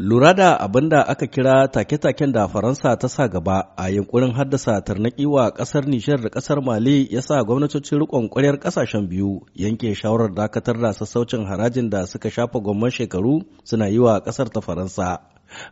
Lura da abin da aka kira take-taken da Faransa ta sa gaba a yunkurin haddasa tarnaki wa ƙasar Nijar da ƙasar Mali ya sa gwamnatocin riƙon ƙwaryar ƙasashen biyu yanke shawarar dakatar da sassaucin harajin da suka shafa gwamman shekaru suna yi wa ƙasar ta Faransa.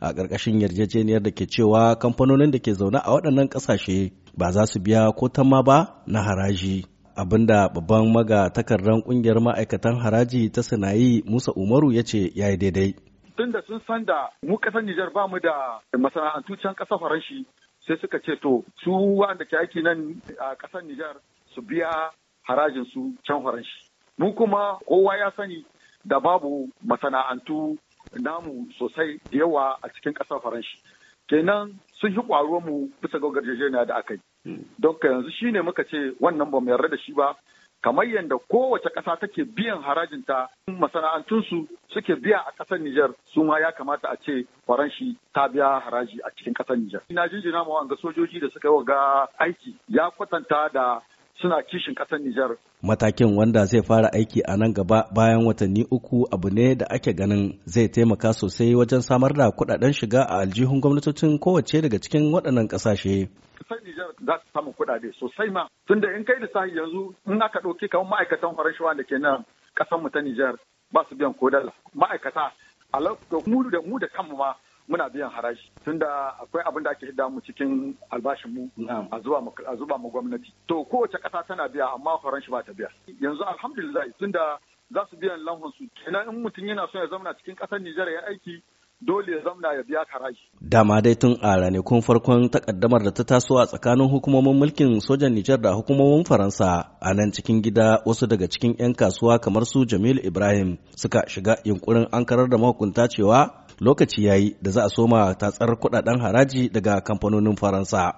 A ƙarƙashin yarjejeniyar da ke cewa kamfanonin da ke zaune a waɗannan ƙasashe ba za su biya ko tamma ba na haraji. abinda babban maga takardar kungiyar ma'aikatan haraji ta sinayi musa umaru ya ce ya yi daidai da sun san da mu kasar Nijar ba mu da masana'antu can kasar Faranshi sai suka ce to su wanda ke aiki nan a kasar Nijar su biya harajin su can Faranshi. Mu kuma kowa ya sani da babu masana'antu namu sosai da yawa a cikin kasar Faranshi. Kenan sun yi ƙwaruwar mu bisa ga da aka yi. Hmm. Don ka yanzu shine muka ce wannan ba mu yarda da shi ba kamar yadda kowace ƙasa take biyan harajinta masana'antunsu suke biya a ƙasar Nijar su ma ya kamata a ce faranshi ta biya haraji a cikin ƙasar Nijar. Ina jinjina ma wanga sojoji da suka yi ga aiki ya kwatanta da suna kishin ƙasar Nijar. Matakin wanda zai fara aiki a nan gaba bayan watanni uku abu ne da ake ganin zai taimaka sosai wajen samar da kuɗaɗen shiga a aljihun gwamnatocin kowace daga cikin waɗannan ƙasashe. Kasar Nijar za su samu kuɗaɗe sosai ma. Tunda in kai lissafi yanzu in aka ɗauki kamar ma'aikatan farashuwa da ke nan ƙasar mu ta Nijar ba su biyan ko dala. Ma'aikata a mu da mu da kanmu ma muna biyan haraji tunda akwai abin da ake hidda mu cikin albashin mu a zuba mu gwamnati to kowace ƙasa tana biya amma horon shi ba ta biya yanzu alhamdulillah tunda za su biyan lanhon su kenan in mutum yana son ya zama cikin ƙasar Nijar ya aiki dole ya zamna ya biya haraji. Dama dai tun a ranakun farkon takaddamar da ta taso a tsakanin hukumomin mulkin sojan Nijar da hukumomin Faransa a nan cikin gida wasu daga cikin 'yan kasuwa kamar su Jamilu Ibrahim suka shiga yunkurin ankarar da mahukunta cewa lokaci yayi da za a soma tatsar kudaden haraji daga kamfanonin Faransa.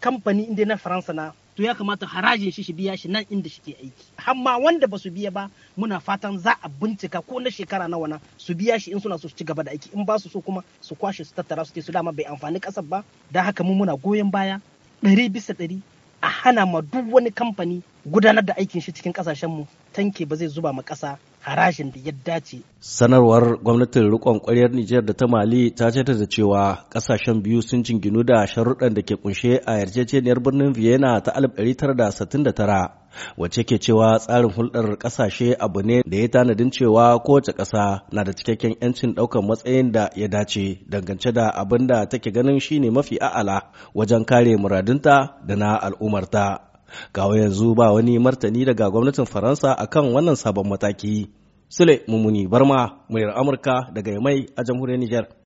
Kamfani inda na Faransa na to ya kamata harajin shi shi biya shi nan inda shike aiki amma wanda ba su biya ba muna fatan za a bincika ko na shekara nawa na su biya shi in suna su ci gaba da aiki in ba su so kuma su kwashe su tattara su su dama bai amfani kasar ba da haka mu muna goyon baya ɗari bisa ɗari a hana ma duk wani kamfani gudanar da aikin shi cikin ƙasashenmu tanke ba zai zuba ma ƙasa harashin da ya dace. Sanarwar gwamnatin rikon kwaryar Nijar da ta Mali ta jaddada da cewa kasashen biyu sun jinginu da sharuɗan da ke kunshe a yarjejeniyar birnin Vienna ta 1969 wacce ke cewa tsarin hulɗar kasashe abu ne da ya tanadin cewa kowace ƙasa na da cikakken 'yancin ɗaukar matsayin da ya dace dangance da abin da take ganin shine mafi a'ala wajen kare muradunta da na al'ummarta. ga yanzu ba wani martani daga gwamnatin faransa akan wannan sabon mataki sule mummuni barma muryar amurka daga mai a jamhuriyar niger